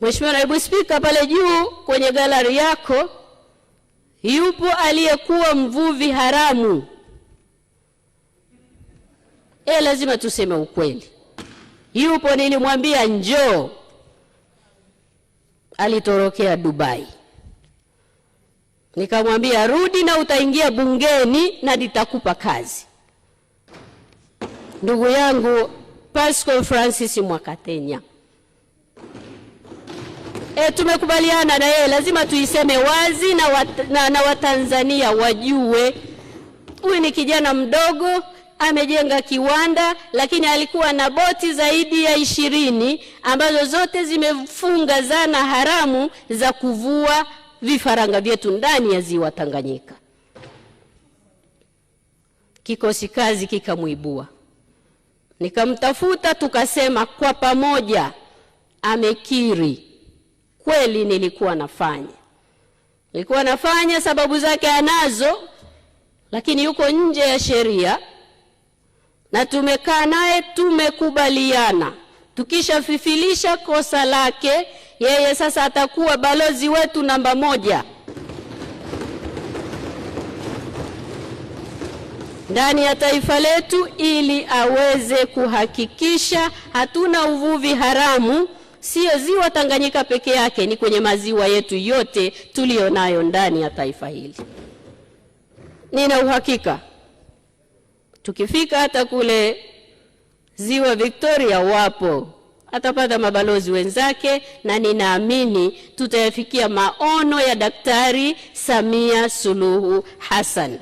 Mheshimiwa Naibu Spika, pale juu kwenye galari yako yupo aliyekuwa mvuvi haramu. E, lazima tuseme ukweli. Yupo, nilimwambia njoo, alitorokea Dubai. Nikamwambia rudi na utaingia bungeni na nitakupa kazi. Ndugu yangu Pascal Francis Mwakatenya E, tumekubaliana na yeye, lazima tuiseme wazi na, wat, na, na Watanzania wajue huyu ni kijana mdogo amejenga kiwanda lakini alikuwa na boti zaidi ya ishirini ambazo zote zimefunga zana haramu za kuvua vifaranga vyetu ndani ya ziwa Tanganyika. Kikosi kazi kikamwibua, nikamtafuta, tukasema kwa pamoja, amekiri kweli nilikuwa nafanya, nilikuwa nafanya, sababu zake anazo, lakini yuko nje ya sheria, na tumekaa naye tumekubaliana, tukishafifilisha kosa lake, yeye sasa atakuwa balozi wetu namba moja ndani ya taifa letu ili aweze kuhakikisha hatuna uvuvi haramu siyo ziwa Tanganyika peke yake, ni kwenye maziwa yetu yote tuliyonayo ndani ya taifa hili. Nina uhakika tukifika hata kule ziwa Victoria, wapo atapata mabalozi wenzake, na ninaamini tutayafikia maono ya Daktari Samia Suluhu Hassan.